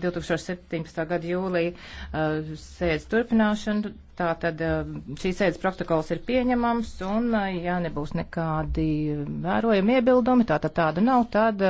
2017. gada jūlija uh, sēdes turpināšanu. Tātad uh, šī sēdes protokols ir pieņemams un, uh, ja nebūs nekādi vērojami iebildumi, tātad tāda nav, tad.